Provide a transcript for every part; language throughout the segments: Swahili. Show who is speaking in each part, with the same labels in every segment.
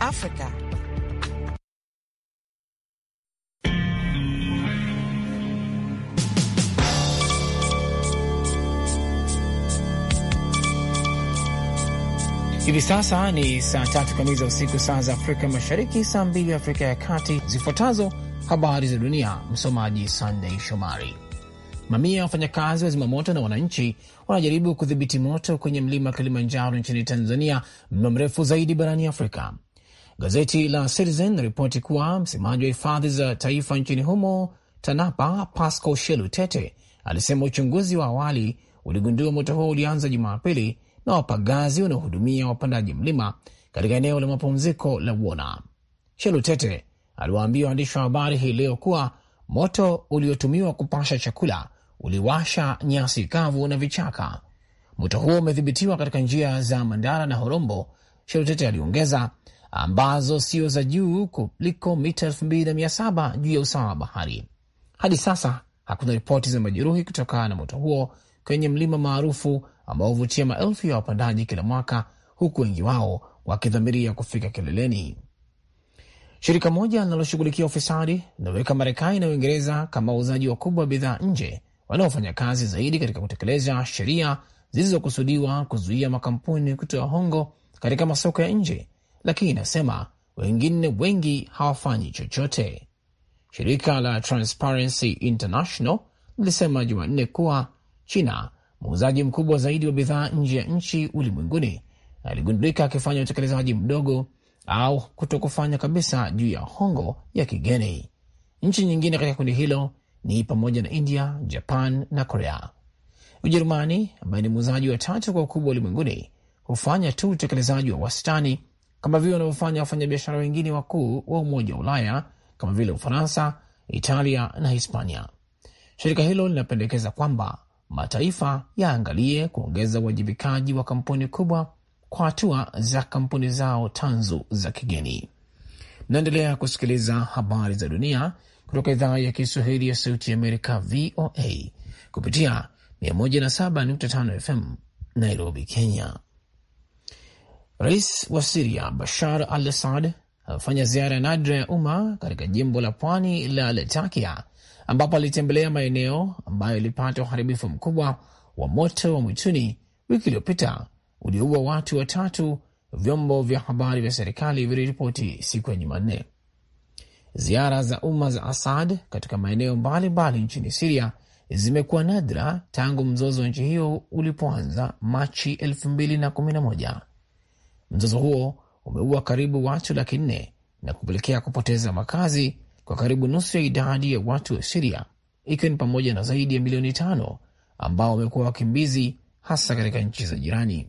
Speaker 1: Africa.
Speaker 2: Hivi sasa ni saa tatu kamili za usiku, saa za Afrika Mashariki, saa mbili Afrika ya Kati. Zifuatazo habari za dunia, msomaji Sandei Shomari. Mamia ya wafanyakazi wa zimamoto na wananchi wanajaribu kudhibiti moto kwenye mlima Kilimanjaro nchini Tanzania, mlima mrefu zaidi barani Afrika. Gazeti la Citizen naripoti kuwa msemaji wa hifadhi za taifa nchini humo TANAPA, Pascal Shelu Tete, alisema uchunguzi wa awali uligundua moto huo ulianza Jumapili na wapagazi wanaohudumia wapandaji mlima katika eneo la mapumziko la Wona. Shelu Tete aliwaambia waandishi wa habari hii leo kuwa moto uliotumiwa kupasha chakula uliwasha nyasi kavu na vichaka. Moto huo umedhibitiwa katika njia za Mandara na Horombo, Sherutete aliongeza, ambazo sio za juu kuliko mita 2700 juu ya usawa wa bahari. Hadi sasa hakuna ripoti za majeruhi kutokana na moto huo kwenye mlima maarufu ambao huvutia maelfu ya wapandaji kila mwaka, huku wengi wao wakidhamiria kufika kileleni. Shirika moja linaloshughulikia ufisadi linaweka Marekani na Uingereza kama wauzaji wakubwa wa bidhaa nje wanaofanya kazi zaidi katika kutekeleza sheria zilizokusudiwa kuzuia makampuni kutoa hongo katika masoko ya nje, lakini inasema wengine wengi hawafanyi chochote. Shirika la Transparency International lilisema Jumanne kuwa China, muuzaji mkubwa zaidi wa bidhaa nje ya nchi ulimwenguni, aligundulika akifanya utekelezaji mdogo au kutokufanya kabisa juu ya hongo ya kigeni. Nchi nyingine katika kundi hilo ni pamoja na India, Japan na Korea. Ujerumani ambaye ni muuzaji wa tatu kwa ukubwa ulimwenguni hufanya tu utekelezaji wa wastani kama vile wanavyofanya wafanyabiashara wengine wakuu wa Umoja wa Ulaya kama vile Ufaransa, Italia na Hispania. Shirika hilo linapendekeza kwamba mataifa yaangalie kuongeza uwajibikaji wa kampuni kubwa kwa hatua za kampuni zao tanzu za kigeni. Naendelea kusikiliza habari za dunia kutoka idhaa ya Kiswahili ya Sauti ya Amerika, VOA, kupitia 107.5 FM Nairobi, Kenya. Rais wa Siria Bashar al Assad amefanya ziara ya nadra ya umma katika jimbo la pwani la Latakia, ambapo alitembelea maeneo ambayo ilipata uharibifu mkubwa wa moto wa mwituni wiki iliyopita ulioua watu watatu, vyombo vya habari vya serikali viliripoti siku ya Jumanne. Ziara za umma za Asad katika maeneo mbalimbali nchini Siria zimekuwa nadra tangu mzozo wa nchi hiyo ulipoanza Machi 2011. Mzozo huo umeua karibu watu laki nne na kupelekea kupoteza makazi kwa karibu nusu ya idadi ya watu wa Siria, ikiwa ni pamoja na zaidi ya milioni tano ambao wamekuwa wakimbizi hasa katika nchi za jirani.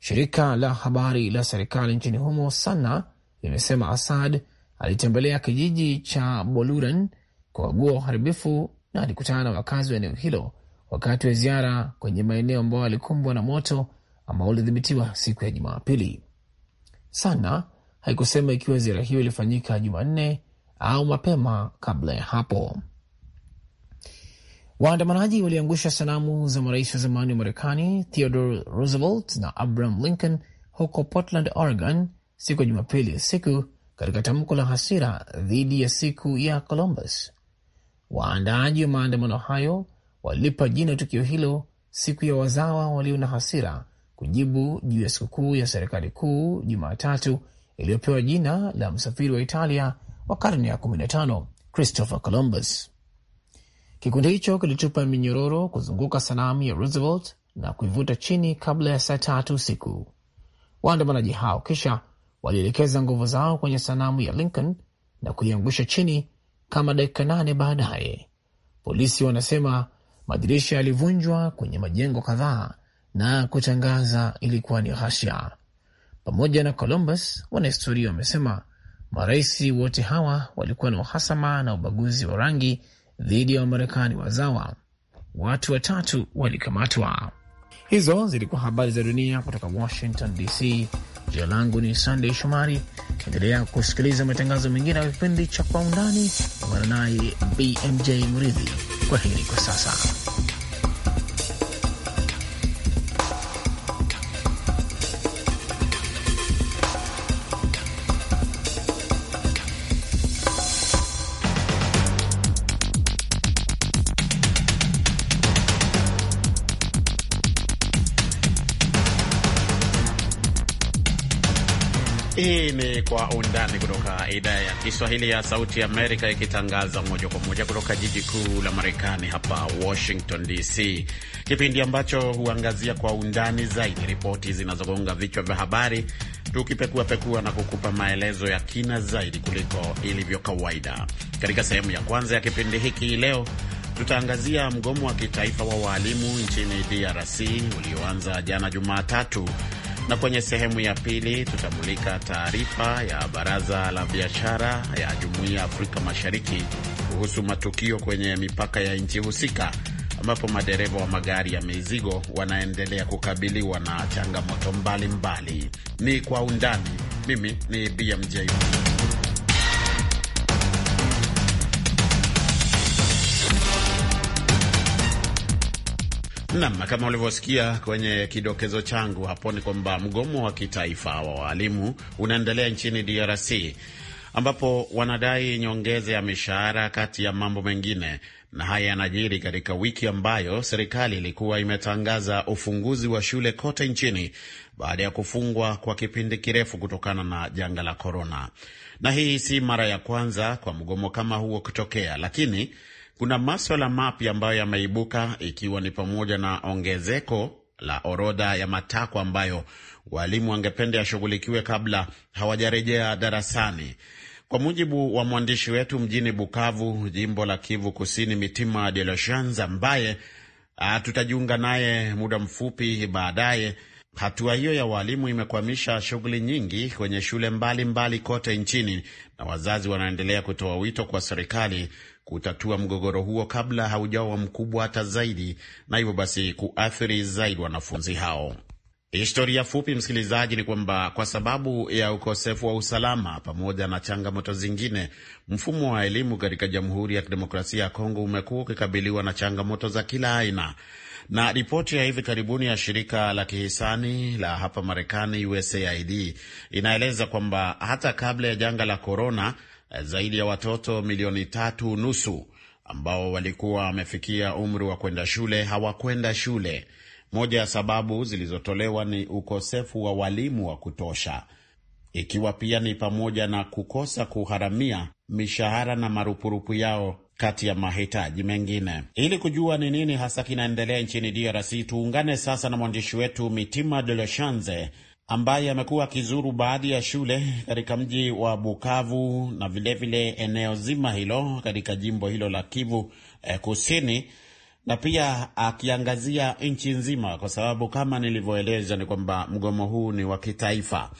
Speaker 2: Shirika la habari la serikali nchini humo SANA limesema Asad alitembelea kijiji cha boluren kukagua uharibifu na alikutana na wakazi wa eneo hilo wakati wa ziara kwenye maeneo ambayo alikumbwa na moto ambao ulidhibitiwa siku ya Jumapili. Sana haikusema ikiwa ziara hiyo ilifanyika Jumanne au mapema kabla ya hapo. Waandamanaji waliangusha sanamu za marais wa zamani wa Marekani Theodore Roosevelt na Abraham Lincoln huko Portland, Oregon siku ya Jumapili usiku katika tamko la hasira dhidi ya siku ya Columbus. Waandaaji wa maandamano hayo walipa jina tukio hilo siku ya wazawa walio na hasira, kujibu juu ya sikukuu ya serikali kuu Jumatatu iliyopewa jina la msafiri wa Italia wa karne ya 15 Christopher Columbus. Kikundi hicho kilitupa minyororo kuzunguka sanamu ya Roosevelt na kuivuta chini kabla ya saa tatu usiku. Waandamanaji hao kisha walielekeza nguvu zao kwenye sanamu ya Lincoln na kuiangusha chini kama dakika nane baadaye. Polisi wanasema madirisha yalivunjwa kwenye majengo kadhaa na kutangaza ilikuwa ni ghasia. Pamoja na Columbus, wanahistoria wamesema marais wote hawa walikuwa na uhasama na ubaguzi wa rangi dhidi ya Wamarekani wazawa. Watu watatu walikamatwa. Hizo zilikuwa habari za dunia kutoka Washington DC. Jina langu ni Sandey Shomari. Endelea kusikiliza matangazo mengine ya kipindi cha Kwa Undani. Ungana naye BMJ Mridhi. Kwa heri kwa sasa.
Speaker 3: Kwa Undani kutoka idhaa ya Kiswahili ya Sauti ya Amerika, ikitangaza moja kwa moja kutoka jiji kuu la Marekani hapa Washington DC, kipindi ambacho huangazia kwa undani zaidi ripoti zinazogonga vichwa vya habari, tukipekuapekua na kukupa maelezo ya kina zaidi kuliko ilivyo kawaida. Katika sehemu ya kwanza ya kipindi hiki leo tutaangazia mgomo wa kitaifa wa waalimu nchini DRC ulioanza jana Jumatatu na kwenye sehemu ya pili tutamulika taarifa ya Baraza la Biashara ya Jumuiya ya Afrika Mashariki kuhusu matukio kwenye mipaka ya nchi husika ambapo madereva wa magari ya mizigo wanaendelea kukabiliwa na changamoto mbalimbali. Ni kwa undani. Mimi ni BMJ. Nam, kama ulivyosikia kwenye kidokezo changu hapo, ni kwamba mgomo wa kitaifa wa waalimu unaendelea nchini DRC ambapo wanadai nyongeze ya mishahara kati ya mambo mengine, na haya yanajiri katika wiki ambayo serikali ilikuwa imetangaza ufunguzi wa shule kote nchini baada ya kufungwa kwa kipindi kirefu kutokana na janga la korona. Na hii si mara ya kwanza kwa mgomo kama huo kutokea, lakini kuna maswala mapya ambayo yameibuka ikiwa ni pamoja na ongezeko la orodha ya matakwa ambayo walimu wangependa yashughulikiwe kabla hawajarejea darasani. Kwa mujibu wa mwandishi wetu mjini Bukavu, jimbo la Kivu Kusini, Mitima De Loshans, ambaye ah, tutajiunga naye muda mfupi baadaye, hatua hiyo ya walimu imekwamisha shughuli nyingi kwenye shule mbalimbali mbali kote nchini, na wazazi wanaendelea kutoa wito kwa serikali kutatua mgogoro huo kabla haujawa mkubwa hata zaidi, na hivyo basi kuathiri zaidi wanafunzi hao. Historia fupi, msikilizaji, ni kwamba kwa sababu ya ukosefu wa usalama pamoja na changamoto zingine, mfumo wa elimu katika Jamhuri ya Kidemokrasia ya Kongo umekuwa ukikabiliwa na changamoto za kila aina na ripoti ya hivi karibuni ya shirika la kihisani la hapa Marekani, USAID, inaeleza kwamba hata kabla ya janga la korona, zaidi ya watoto milioni tatu nusu ambao walikuwa wamefikia umri wa kwenda shule hawakwenda shule. Moja ya sababu zilizotolewa ni ukosefu wa walimu wa kutosha, ikiwa pia ni pamoja na kukosa kuharamia mishahara na marupurupu yao kati ya mahitaji mengine. Ili kujua ni nini hasa kinaendelea nchini DRC, tuungane sasa na mwandishi wetu Mitima De Lechanze ambaye amekuwa akizuru baadhi ya shule katika mji wa Bukavu na vilevile vile eneo zima hilo katika jimbo hilo la Kivu eh, Kusini, na pia akiangazia nchi nzima, kwa sababu kama nilivyoeleza ni kwamba mgomo huu ni wa kitaifa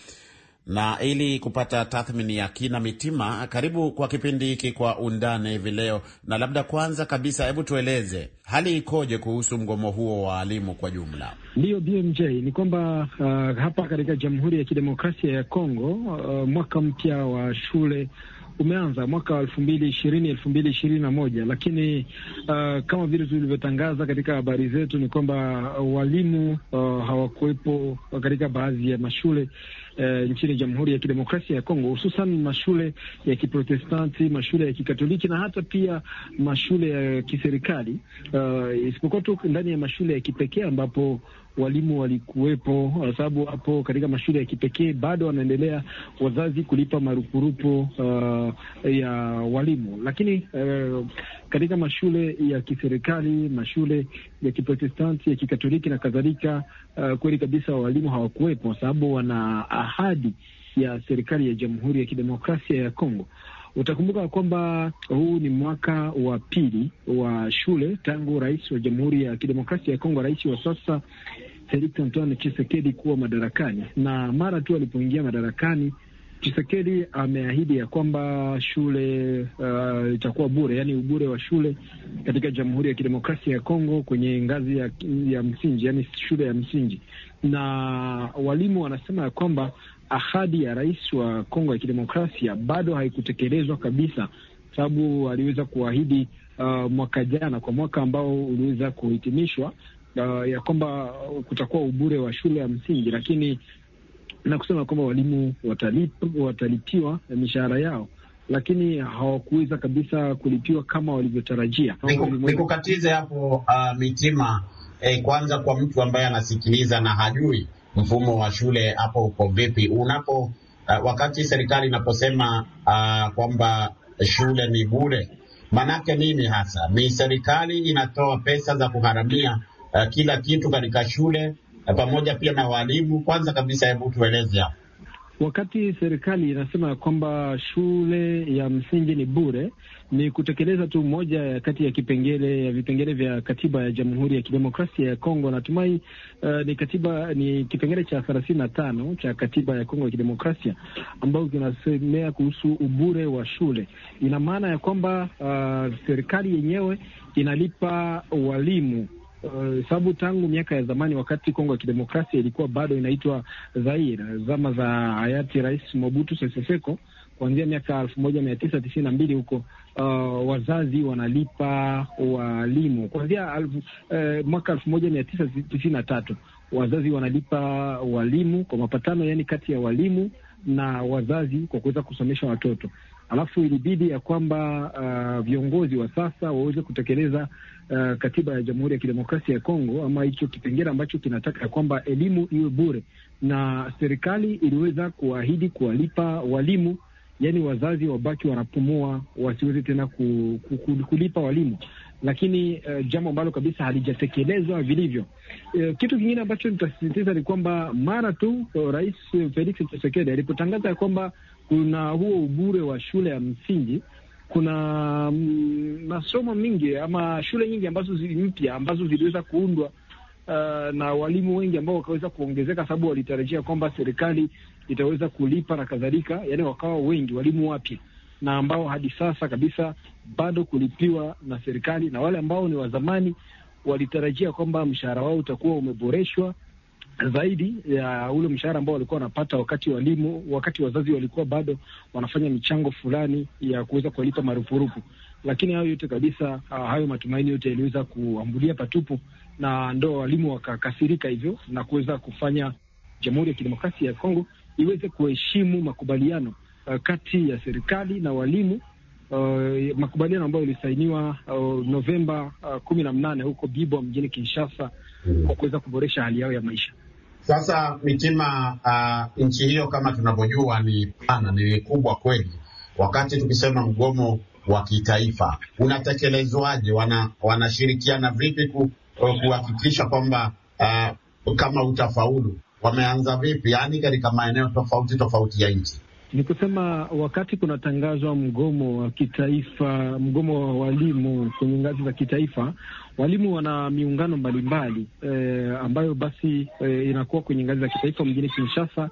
Speaker 3: na ili kupata tathmini ya kina Mitima, karibu kwa kipindi hiki kwa undani hivi leo. Na labda kwanza kabisa, hebu tueleze hali ikoje kuhusu mgomo huo wa walimu kwa jumla?
Speaker 4: Ndiyo BMJ, ni kwamba uh, hapa katika Jamhuri ya Kidemokrasia ya Kongo uh, mwaka mpya wa shule umeanza mwaka wa elfu mbili ishirini elfu mbili ishirini na moja lakini uh, kama vile tulivyotangaza katika habari zetu ni kwamba walimu uh, hawakuwepo katika baadhi ya mashule eh, nchini Jamhuri ya Kidemokrasia ya Kongo, hususan mashule ya Kiprotestanti, mashule ya Kikatoliki na hata pia mashule ya kiserikali uh, isipokuwa tu ndani ya mashule ya kipekee ambapo walimu walikuwepo, kwa sababu hapo katika mashule ya kipekee bado wanaendelea wazazi kulipa marupurupu uh, ya walimu, lakini uh, katika mashule ya kiserikali, mashule ya kiprotestanti, ya kikatoliki na kadhalika. Uh, kweli kabisa walimu hawakuwepo kwa sababu wana ahadi ya serikali ya Jamhuri ya Kidemokrasia ya Kongo. Utakumbuka kwamba huu ni mwaka wa pili wa shule tangu rais wa Jamhuri ya Kidemokrasia ya Kongo, rais wa sasa Felix Antoine Tshisekedi kuwa madarakani, na mara tu alipoingia madarakani Chisekedi ameahidi ya kwamba shule uh, itakuwa bure, yani ubure wa shule katika Jamhuri ya Kidemokrasia ya Kongo kwenye ngazi ya, ya msingi, yani shule ya msingi, na walimu wanasema ya kwamba ahadi ya rais wa Kongo ya Kidemokrasia bado haikutekelezwa kabisa, sababu aliweza kuahidi uh, mwaka jana kwa mwaka ambao uliweza kuhitimishwa Uh, ya kwamba kutakuwa ubure wa shule ya msingi, lakini na kusema kwamba walimu watalipiwa mishahara yao, lakini hawakuweza kabisa kulipiwa kama
Speaker 3: walivyotarajia. Nikukatize hapo uh, Mitima. Eh, kwanza kwa mtu ambaye anasikiliza na hajui mfumo wa shule hapo uko vipi, unapo uh, wakati serikali inaposema uh, kwamba shule ni bure, manake nini hasa? Ni serikali inatoa pesa za kugharamia uh, kila kitu katika shule pamoja pia na walimu. Kwanza kabisa, hebu tueleze hapo. Wakati serikali
Speaker 4: inasema ya kwamba shule ya msingi ni bure, ni kutekeleza tu moja ya kati ya kipengele ya vipengele vya katiba ya Jamhuri ya Kidemokrasia ya Kongo. Natumai uh, ni katiba ni kipengele cha thelathini na tano cha katiba ya Kongo ya Kidemokrasia ambayo kinasemea kuhusu ubure wa shule. Ina maana ya kwamba uh, serikali yenyewe inalipa walimu uh, eh, sababu tangu miaka ya zamani wakati Kongo ya kidemokrasia ilikuwa bado inaitwa Zaire, zama za hayati Rais Mobutu Sese Seko kuanzia miaka elfu moja mia tisa tisini na mbili huko uh, wazazi wanalipa walimu kuanzia uh, mwaka elfu moja mia tisa tisini na tatu wazazi wanalipa walimu kwa mapatano, yani kati ya walimu na wazazi kwa kuweza kusomesha watoto, alafu ilibidi ya kwamba uh, viongozi wa sasa waweze kutekeleza uh, katiba ya Jamhuri ya Kidemokrasia ya Kongo ama hicho kipengele ambacho kinataka ya kwamba elimu iwe bure, na serikali iliweza kuahidi kuwalipa walimu, yani wazazi wabaki wanapumua, wasiweze tena kulipa walimu lakini uh, jambo ambalo kabisa halijatekelezwa vilivyo. Uh, kitu kingine ambacho nitasisitiza ni kwamba mara tu uh, Rais Felix Tshisekedi alipotangaza ya kwamba kuna huo ubure wa shule ya msingi, kuna mm, masomo mingi ama shule nyingi ambazo mpya ambazo ziliweza kuundwa uh, na walimu wengi ambao wakaweza kuongezeka, sababu walitarajia kwamba serikali itaweza kulipa na kadhalika, yani wakawa wengi walimu wapya na ambao hadi sasa kabisa bado kulipiwa na serikali, na wale ambao ni wazamani walitarajia kwamba mshahara wao utakuwa umeboreshwa zaidi ya ule mshahara ambao walikuwa wanapata wakati walimu, wakati wazazi walikuwa bado wanafanya michango fulani ya kuweza kuwalipa marupurupu. Lakini hayo yote kabisa, ah, hayo matumaini yote yaliweza kuambulia patupu, na ndo walimu wakakasirika hivyo na kuweza kufanya Jamhuri ya Kidemokrasia ya Kongo iweze kuheshimu makubaliano uh, kati ya serikali na walimu uh, makubaliano ambayo ilisainiwa uh, Novemba uh, kumi na mnane huko Bibwa mjini Kinshasa kwa kuweza kuboresha hali yao
Speaker 3: ya maisha. Sasa mitima, uh, nchi hiyo kama tunavyojua ni pana, ni kubwa kweli. Wakati tukisema mgomo wa kitaifa unatekelezwaje? Wana, wanashirikiana vipi uh, kuhakikisha kwamba uh, kama utafaulu? Wameanza vipi, yaani katika maeneo tofauti tofauti ya nchi? Ni
Speaker 4: kusema wakati kunatangazwa mgomo wa kitaifa, mgomo wa walimu kwenye ngazi za kitaifa, walimu wana miungano mbalimbali eh, ambayo basi eh, inakuwa kwenye ngazi za kitaifa mjini Kinshasa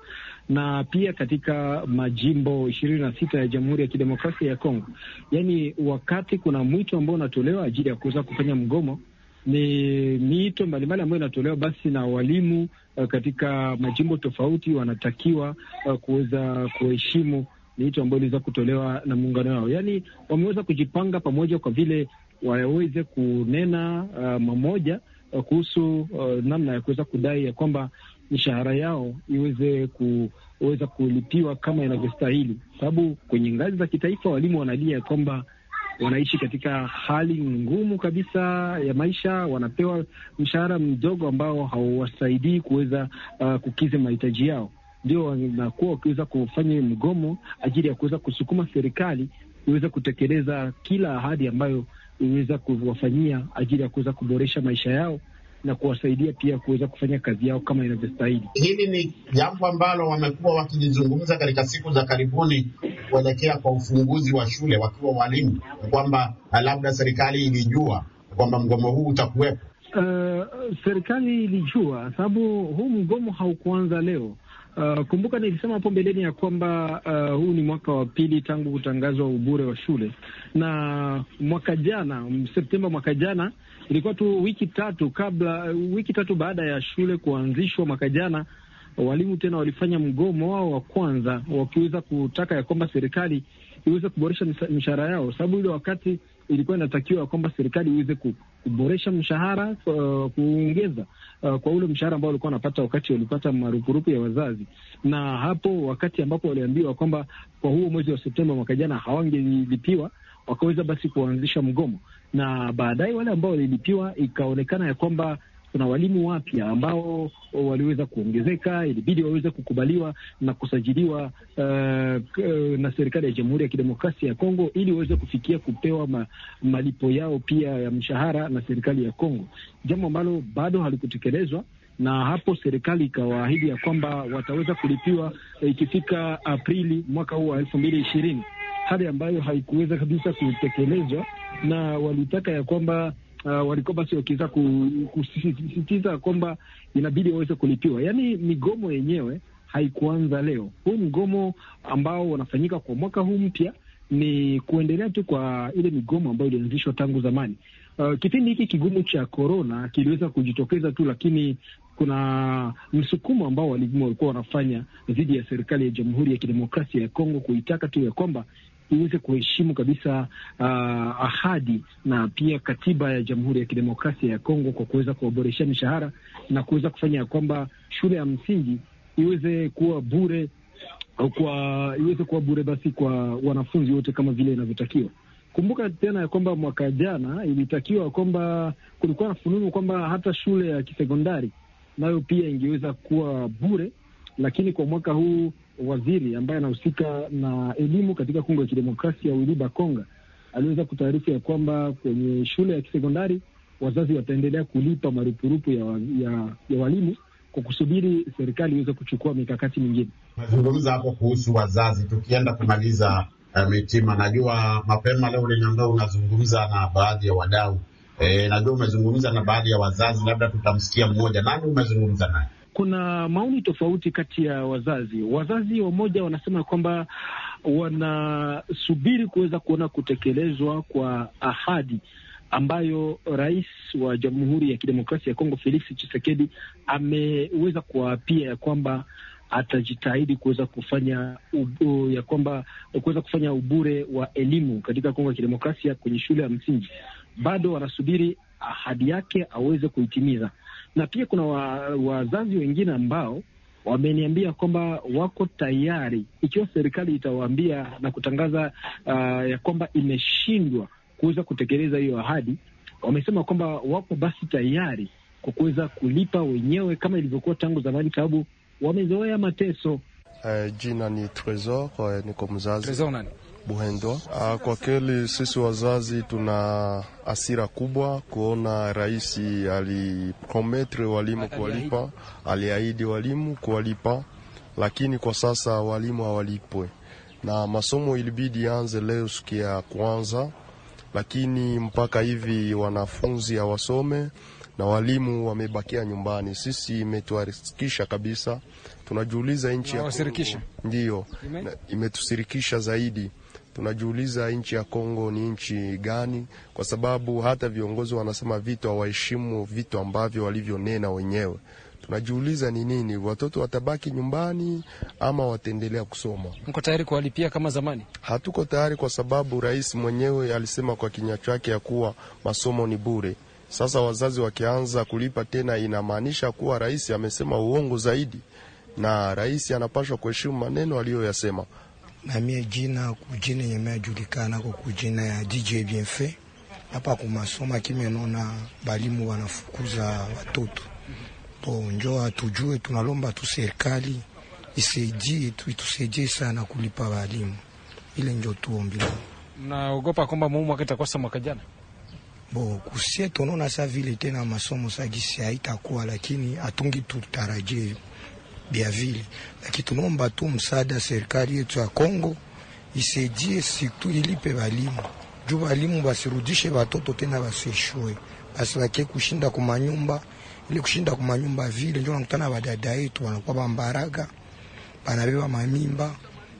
Speaker 4: na pia katika majimbo ishirini na sita ya Jamhuri ya Kidemokrasia ya Kongo. Yaani wakati kuna mwito ambao unatolewa ajili ya kuweza kufanya mgomo ni miito mbalimbali ambayo inatolewa basi na walimu uh, katika majimbo tofauti, wanatakiwa uh, kuweza kuheshimu miito ambayo iliweza kutolewa na muungano wao. Yaani wameweza kujipanga pamoja kwa vile waweze kunena uh, mamoja uh, kuhusu uh, namna ya kuweza kudai ya kwamba mishahara yao iweze weza kulipiwa kama inavyostahili, sababu kwenye ngazi za kitaifa walimu wanalia ya kwamba wanaishi katika hali ngumu kabisa ya maisha, wanapewa mshahara mdogo ambao hauwasaidii kuweza uh, kukizi mahitaji yao, ndio wanakuwa wakiweza kufanya mgomo ajili ya kuweza kusukuma serikali iweze kutekeleza kila ahadi ambayo iweza kuwafanyia ajili ya kuweza kuboresha maisha yao na kuwasaidia pia kuweza kufanya kazi yao kama inavyostahili.
Speaker 3: Hili ni jambo ambalo wamekuwa wakilizungumza katika siku za karibuni kuelekea kwa ufunguzi wa shule, wakiwa walimu, kwamba eh, labda serikali ilijua kwamba mgomo huu utakuwepo.
Speaker 4: Uh, serikali ilijua sababu huu mgomo haukuanza leo. Uh, kumbuka nilisema hapo mbeleni ya kwamba uh, huu ni mwaka wa pili tangu kutangazwa ubure wa shule, na mwaka jana Septemba mwaka jana ilikuwa tu wiki tatu kabla, wiki tatu baada ya shule kuanzishwa mwaka jana, walimu tena walifanya mgomo wao wa kwanza, wakiweza kutaka ya kwamba serikali iweze kuboresha mishahara yao, sababu ile wakati ilikuwa inatakiwa kwamba serikali iweze kuboresha mshahara uh, kuongeza uh, kwa ule mshahara ambao walikuwa wanapata wakati walipata marupurupu ya wazazi. Na hapo wakati ambapo waliambiwa kwamba kwa huo mwezi wa Septemba mwaka jana hawangelipiwa wakaweza basi kuanzisha mgomo, na baadaye wale ambao walilipiwa, ikaonekana ya kwamba kuna walimu wapya ambao waliweza kuongezeka, ilibidi waweze kukubaliwa na kusajiliwa uh, na serikali ya Jamhuri ya Kidemokrasia ya Kongo ili waweze kufikia kupewa ma, malipo yao pia ya mshahara na serikali ya Kongo, jambo ambalo bado halikutekelezwa na hapo serikali ikawaahidi ya kwamba wataweza kulipiwa eh, ikifika Aprili mwaka huu wa elfu mbili ishirini hali ambayo haikuweza kabisa kutekelezwa, na walitaka ya kwamba Uh, walikuwa basi wakiweza kusisitiza kwamba inabidi waweze kulipiwa. Yaani, migomo yenyewe haikuanza leo. Huu mgomo ambao wanafanyika kwa mwaka huu mpya ni kuendelea tu kwa ile migomo ambayo ilianzishwa tangu zamani. Uh, kipindi hiki kigumu cha korona kiliweza kujitokeza tu, lakini kuna msukumo ambao walimu walikuwa wanafanya dhidi ya serikali ya Jamhuri ya Kidemokrasia ya Kongo kuitaka tu ya kwamba iweze kuheshimu kabisa uh, ahadi na pia katiba ya Jamhuri ya Kidemokrasia ya Kongo kwa kuweza kuwaboresha mishahara na kuweza kufanya ya kwamba shule ya msingi iweze kuwa bure kwa iweze kuwa bure basi kwa wanafunzi wote kama vile inavyotakiwa. Kumbuka tena ya kwamba mwaka jana ilitakiwa kwamba kulikuwa na fununu kwamba hata shule ya kisekondari nayo pia ingeweza kuwa bure lakini kwa mwaka huu waziri ambaye anahusika na elimu katika Kongo ya Kidemokrasia, Willy Bakonga, aliweza kutaarifu ya kwamba kwenye shule ya kisekondari wazazi wataendelea kulipa marupurupu ya, ya, ya walimu
Speaker 3: kwa kusubiri serikali iweze kuchukua mikakati mingine. Umezungumza hapo kuhusu wazazi, tukienda kumaliza uh, mitima, najua mapema leo uliniambia unazungumza na baadhi ya wadau e, najua umezungumza na baadhi ya wazazi, labda tutamsikia mmoja. Nani umezungumza naye?
Speaker 4: kuna maoni tofauti kati ya wazazi. Wazazi wamoja wanasema kwamba wanasubiri kuweza kuona kutekelezwa kwa ahadi ambayo rais wa Jamhuri ya Kidemokrasia ya Kongo Felix Tshisekedi ameweza kuwaapia ya kwamba atajitahidi kuweza kufanya ubu, ya kwamba kuweza kufanya ubure wa elimu katika Kongo ya Kidemokrasia kwenye shule ya msingi. Bado wanasubiri ahadi yake aweze kuitimiza na pia kuna wazazi wa wengine ambao wameniambia kwamba wako tayari ikiwa serikali itawaambia na kutangaza uh, ya kwamba imeshindwa kuweza kutekeleza hiyo ahadi. Wamesema kwamba wako basi tayari kwa kuweza kulipa wenyewe kama ilivyokuwa
Speaker 5: tangu zamani, sababu wamezoea mateso. Uh, jina ni Tresor, eh, niko mzazi Tresor nani? Buhendwa. Ah, kwa kweli sisi wazazi tuna asira kubwa kuona rais alipometre walimu kuwalipa, aliahidi walimu kuwalipa, lakini kwa sasa walimu hawalipwe na masomo ilibidi anze leo siku ya kwanza, lakini mpaka hivi wanafunzi hawasome na walimu wamebakia nyumbani. Sisi imetuharikisha kabisa, tunajiuliza nchi ya Kongo, ndiyo imetusirikisha zaidi Tunajiuliza nchi ya Kongo ni nchi gani? Kwa sababu hata viongozi wanasema vitu hawaheshimu vitu ambavyo walivyonena wenyewe. Tunajiuliza ni nini, watoto watabaki nyumbani ama wataendelea kusoma?
Speaker 4: Mko tayari kuwalipia
Speaker 5: kama zamani? Hatuko tayari, kwa sababu rais mwenyewe alisema kwa kinywa chake ya kuwa masomo ni bure. Sasa wazazi wakianza kulipa tena, inamaanisha kuwa rais amesema uongo zaidi, na rais anapaswa kuheshimu maneno aliyoyasema na
Speaker 1: mie jina kujina nyeme ajulikana kwa kujina ya DJ Bienfait hapa kumasoma kimenona balimu wanafukuza watoto po njo atujue, tunalomba tu serikali isaidie tu itusaidie sana kulipa balimu, ile njo tuombi.
Speaker 4: Naogopa kwamba muu mwaka mwaka jana
Speaker 1: bo kusie, tunaona sa vile tena masomo sagisi haitakuwa, lakini atungi tutarajie Biavile, lakini tunaomba tu msaada serikali yetu ya Kongo isaidie situ ilipe walimu juu walimu wasirudishe watoto tena wasishue, basi wakie kushinda kumanyumba ili kushinda kumanyumba vile, ndio nakutana wadada yetu wanakuwa bambaraga banabeba mamimba,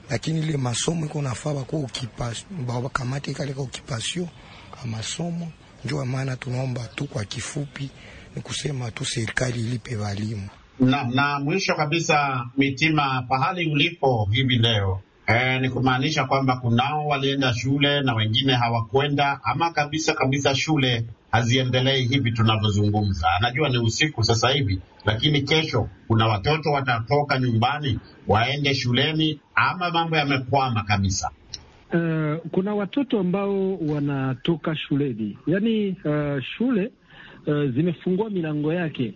Speaker 1: lakini ile masomo iko nafaa bako kamati kale kwa okipasio amasomo. Ndio maana tunaomba tu kwa kifupi ni kusema tu serikali ilipe walimu
Speaker 3: na, na mwisho kabisa, Mitima, pahali ulipo hivi leo e, ni kumaanisha kwamba kunao walienda shule na wengine hawakwenda ama kabisa kabisa shule haziendelei hivi tunavyozungumza. Najua ni usiku sasa hivi, lakini kesho kuna watoto watatoka nyumbani waende shuleni ama mambo yamekwama kabisa.
Speaker 4: Uh, kuna watoto ambao wanatoka shuleni, yaani uh, shule uh, zimefungua milango yake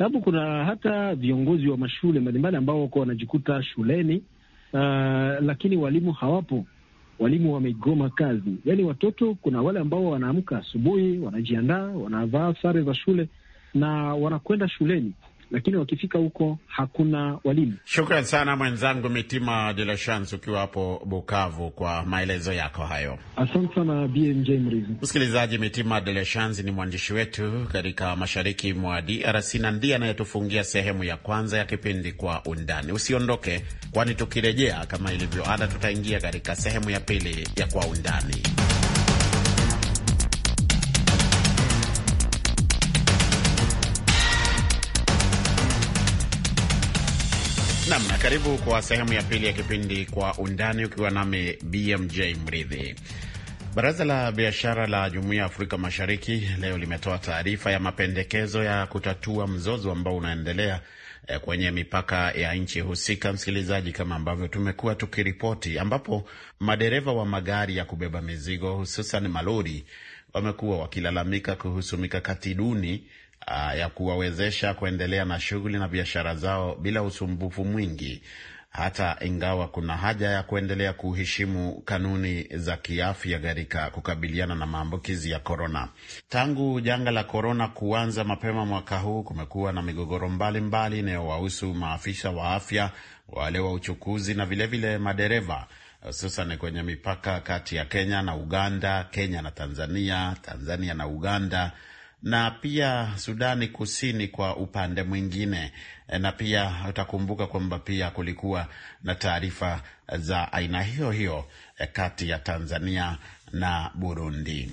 Speaker 4: sababu kuna hata viongozi wa mashule mbalimbali ambao wako wanajikuta shuleni uh, lakini walimu hawapo, walimu wamegoma kazi. Yaani watoto, kuna wale ambao wanaamka asubuhi, wanajiandaa, wanavaa sare za shule na wanakwenda shuleni, lakini wakifika huko hakuna walimu. Shukran
Speaker 3: sana mwenzangu Mitima De La Chance, ukiwa hapo Bukavu, kwa maelezo yako hayo.
Speaker 4: Asante sana BMJ Mrizi.
Speaker 3: Msikilizaji, Mitima De La Chance ni mwandishi wetu katika mashariki mwa DRC na ndiye anayetufungia sehemu ya kwanza ya kipindi Kwa Undani. Usiondoke, kwani tukirejea, kama ilivyo ada, tutaingia katika sehemu ya pili ya Kwa Undani. Nam, karibu kwa sehemu ya pili ya kipindi Kwa Undani, ukiwa nami BMJ Mridhi. Baraza la Biashara la Jumuiya ya Afrika Mashariki leo limetoa taarifa ya mapendekezo ya kutatua mzozo ambao unaendelea eh, kwenye mipaka ya nchi husika. Msikilizaji, kama ambavyo tumekuwa tukiripoti, ambapo madereva wa magari ya kubeba mizigo hususan malori wamekuwa wakilalamika kuhusu mikakati duni uh, ya kuwawezesha kuendelea na shughuli na biashara zao bila usumbufu mwingi, hata ingawa kuna haja ya kuendelea kuheshimu kanuni za kiafya katika kukabiliana na maambukizi ya korona. Tangu janga la korona kuanza mapema mwaka huu, kumekuwa na migogoro mbalimbali inayowahusu maafisa wa afya, wale wa uchukuzi na vilevile vile madereva hususan kwenye mipaka kati ya Kenya na Uganda, Kenya na Tanzania, Tanzania na Uganda, na pia Sudani Kusini kwa upande mwingine. E, na pia utakumbuka kwamba pia kulikuwa na taarifa za aina hiyo hiyo e, kati ya Tanzania na Burundi.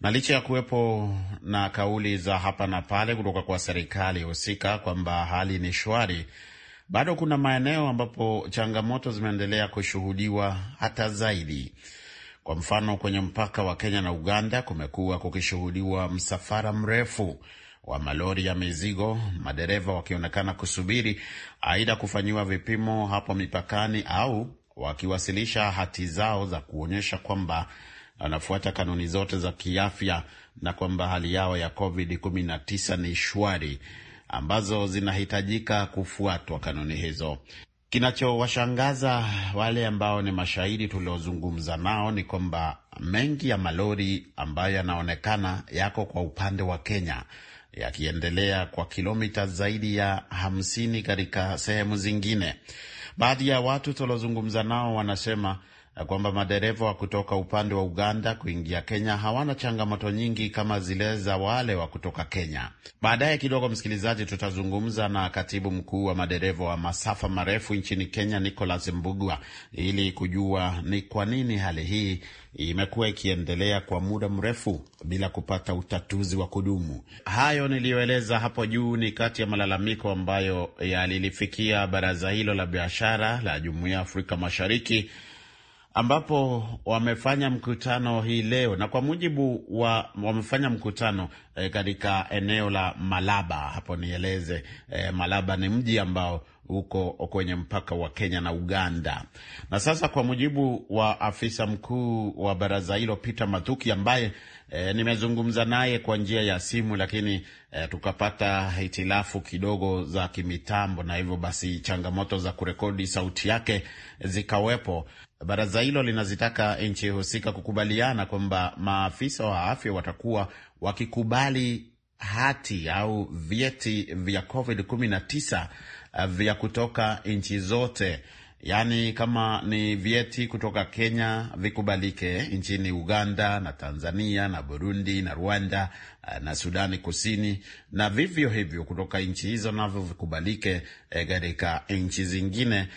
Speaker 3: Na licha ya kuwepo na kauli za hapa na pale kutoka kwa serikali husika kwamba hali ni shwari, bado kuna maeneo ambapo changamoto zimeendelea kushuhudiwa hata zaidi. Kwa mfano, kwenye mpaka wa Kenya na Uganda kumekuwa kukishuhudiwa msafara mrefu wa malori ya mizigo, madereva wakionekana kusubiri aidha kufanyiwa vipimo hapo mipakani au wakiwasilisha hati zao za kuonyesha kwamba wanafuata kanuni zote za kiafya na kwamba hali yao ya COVID-19 ni shwari, ambazo zinahitajika kufuatwa kanuni hizo. Kinachowashangaza wale ambao ni mashahidi tuliozungumza nao ni kwamba mengi ya malori ambayo yanaonekana yako kwa upande wa Kenya yakiendelea kwa kilomita zaidi ya hamsini katika sehemu zingine. Baadhi ya watu tuliozungumza nao wanasema kwamba madereva wa kutoka upande wa Uganda kuingia Kenya hawana changamoto nyingi kama zile za wale wa kutoka Kenya. Baadaye kidogo, msikilizaji, tutazungumza na katibu mkuu wa madereva wa masafa marefu nchini Kenya, Nicholas Mbugua, ili kujua ni kwa nini hali hii imekuwa ikiendelea kwa muda mrefu bila kupata utatuzi wa kudumu. Hayo niliyoeleza hapo juu ni kati ya malalamiko ambayo yalilifikia baraza hilo la biashara la Jumuiya ya Afrika Mashariki ambapo wamefanya mkutano hii leo na kwa mujibu wa wamefanya mkutano e, katika eneo la Malaba. Hapo nieleze e, Malaba ni mji ambao uko kwenye mpaka wa Kenya na Uganda. Na sasa kwa mujibu wa afisa mkuu wa baraza hilo Peter Mathuki ambaye e, nimezungumza naye kwa njia ya simu, lakini e, tukapata hitilafu kidogo za kimitambo, na hivyo basi changamoto za kurekodi sauti yake zikawepo. Baraza hilo linazitaka nchi husika kukubaliana kwamba maafisa wa afya watakuwa wakikubali hati au vyeti vya COVID-19 eh, vya kutoka nchi zote, yaani kama ni vyeti kutoka Kenya vikubalike nchini Uganda na Tanzania na Burundi na Rwanda eh, na Sudani Kusini, na vivyo hivyo kutoka nchi hizo navyo vikubalike eh, katika nchi zingine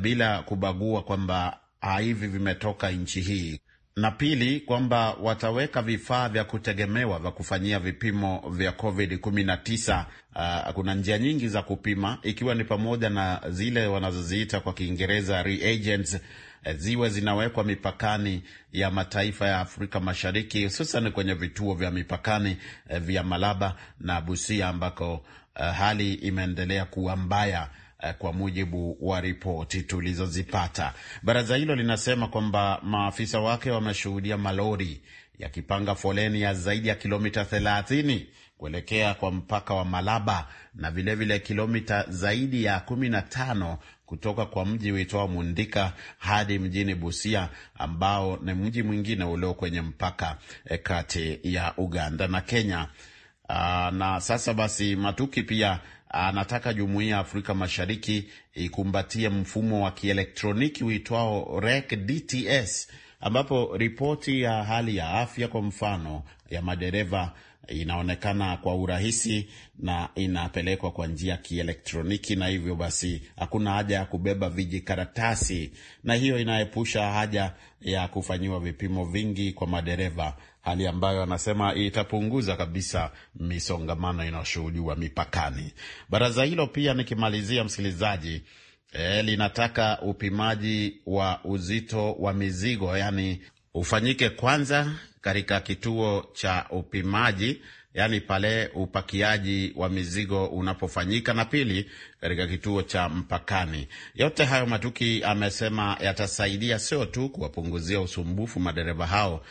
Speaker 3: bila kubagua kwamba Ah, hivi vimetoka nchi hii, na pili kwamba wataweka vifaa vya kutegemewa vya kufanyia vipimo vya COVID-19. Uh, kuna njia nyingi za kupima ikiwa ni pamoja na zile wanazoziita kwa Kiingereza reagents eh, ziwe zinawekwa mipakani ya mataifa ya Afrika Mashariki, hususan kwenye vituo vya mipakani eh, vya Malaba na Busia ambako uh, hali imeendelea kuwa mbaya Eh, kwa mujibu wa ripoti tulizozipata. Baraza hilo linasema kwamba maafisa wake wameshuhudia malori yakipanga foleni ya zaidi ya kilomita 30 kuelekea kwa mpaka wa Malaba na vilevile kilomita zaidi ya 15 kutoka kwa mji uitwao Mundika hadi mjini Busia ambao ni mji mwingine ulio kwenye mpaka eh, kati ya Uganda na Kenya. Aa, ah, na sasa basi Matuki pia anataka jumuiya ya Afrika Mashariki ikumbatie mfumo wa kielektroniki uitwao REC DTS, ambapo ripoti ya hali ya afya kwa mfano ya madereva inaonekana kwa urahisi na inapelekwa kwa njia ya kielektroniki, na hivyo basi hakuna haja ya kubeba vijikaratasi, na hiyo inaepusha haja ya kufanyiwa vipimo vingi kwa madereva hali ambayo anasema itapunguza kabisa misongamano inayoshuhudiwa mipakani. Baraza hilo pia, nikimalizia msikilizaji, e, linataka upimaji wa uzito wa mizigo yani ufanyike kwanza katika kituo cha upimaji yaani pale upakiaji wa mizigo unapofanyika, na pili katika kituo cha mpakani. Yote hayo Matuki amesema yatasaidia sio tu kuwapunguzia usumbufu madereva hao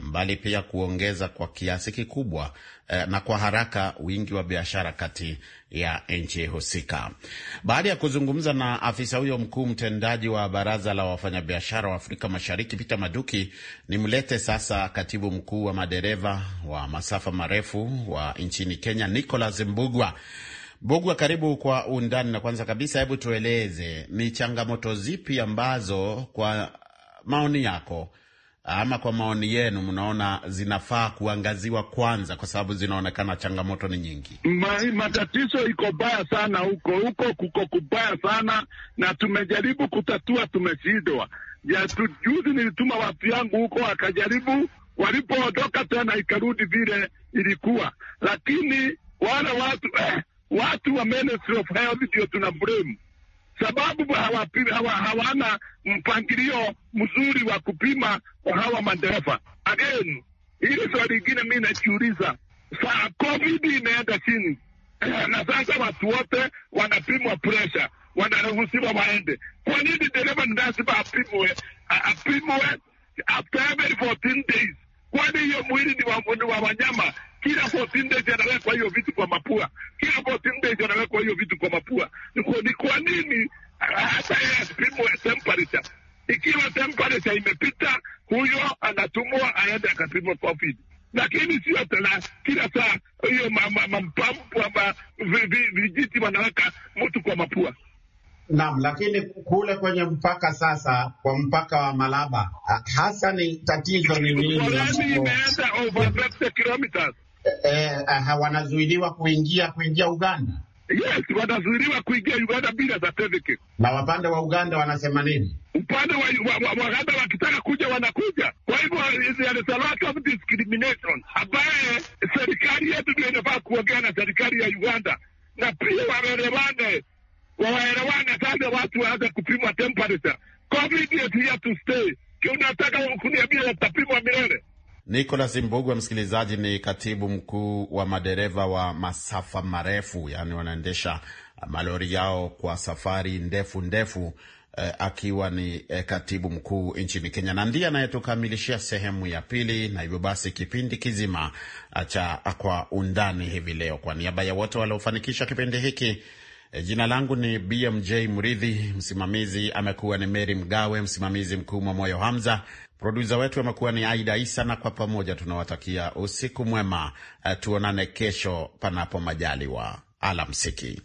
Speaker 3: mbali pia kuongeza kwa kiasi kikubwa eh, na kwa haraka wingi wa biashara kati ya nchi husika. Baada ya kuzungumza na afisa huyo mkuu mtendaji wa baraza la wafanyabiashara wa Afrika Mashariki Peter Maduki, nimlete sasa katibu mkuu wa madereva wa masafa marefu wa nchini Kenya Nicholas Mbugwa. Mbugwa, karibu kwa undani, na kwanza kabisa, hebu tueleze ni changamoto zipi ambazo kwa maoni yako ama kwa maoni yenu mnaona zinafaa kuangaziwa kwanza, kwa sababu zinaonekana changamoto ni nyingi?
Speaker 6: Ma, matatizo iko baya sana huko huko, kuko kubaya sana na tumejaribu kutatua, tumeshindwa. Juzi nilituma watu yangu huko wakajaribu, walipoondoka tena ikarudi vile ilikuwa, lakini wale watu eh, watu wa Ministry of Health ndio tuna blame sababu hawa, hawa, hawana mpangilio mzuri wa kupima hawa madereva. Again, hili swali lingine mi najiuliza, saa covid inaenda chini eh, na sasa watu wote wanapimwa presha wanaruhusiwa waende. Kwa nini dereva ni lazima apimwe apimwe after every 14 days? kwani hiyo mwili ni wa, ni wa wanyama. Kila 14 days anawekwa hiyo vitu kwa mapua, kila 14 days anawekwa hiyo vitu kwa mapua. Ni kwa nini hata yeye asipimwe temperature? Ikiwa temperature imepita, huyo anatumwa aende akapimwe COVID, lakini sio tena kila saa hiyo mampampu ama vijiti wanaweka mtu kwa mapua. Naam, lakini
Speaker 3: kule kwenye mpaka sasa, kwa mpaka wa Malaba hasa ni tatizo ni nini? Eh, eh, eh, wanazuiliwa kuingia kuingia Uganda.
Speaker 6: Yes, wanazuiliwa kuingia Uganda bila certificate.
Speaker 3: Na wapande wa Uganda wanasema nini?
Speaker 6: Upande wa Uganda wakitaka kuja wanakuja. Kwa hivyo there is a lot of discrimination ambaye serikali yetu ndio inafaa kuongea na serikali ya Uganda na pia waelewane waelewane sana, watu waanze kupimwa temperature. COVID is here to stay. kuniambia milele?
Speaker 3: Nicholas msikilizaji, ni katibu mkuu wa madereva wa masafa marefu, yaani wanaendesha malori yao kwa safari ndefu ndefu, eh, akiwa ni eh, katibu mkuu nchini Kenya, na ndiye anayetukamilishia sehemu ya pili, na hivyo basi kipindi kizima ah, cha Kwa Undani hivi leo, kwa niaba ya wote waliofanikisha kipindi hiki E, jina langu ni BMJ Mridhi, msimamizi amekuwa ni Meri Mgawe, msimamizi mkuu mwa Moyo Hamza, produsa wetu amekuwa ni Aida Isa, na kwa pamoja tunawatakia usiku mwema. E, tuonane kesho, panapo majaliwa. Alamsiki.